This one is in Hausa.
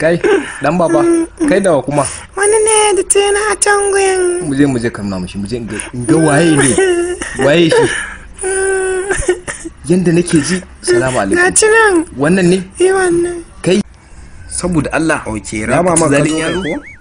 kai dan baba kai dawa kuma wani ne da ta yana a can guyan muje muje kan mamu muje in ga waye ne waye shi yanda nake ji salamu alaikum na ci nan wannan ne eh wannan kai saboda Allah auke ra mama zalin yaro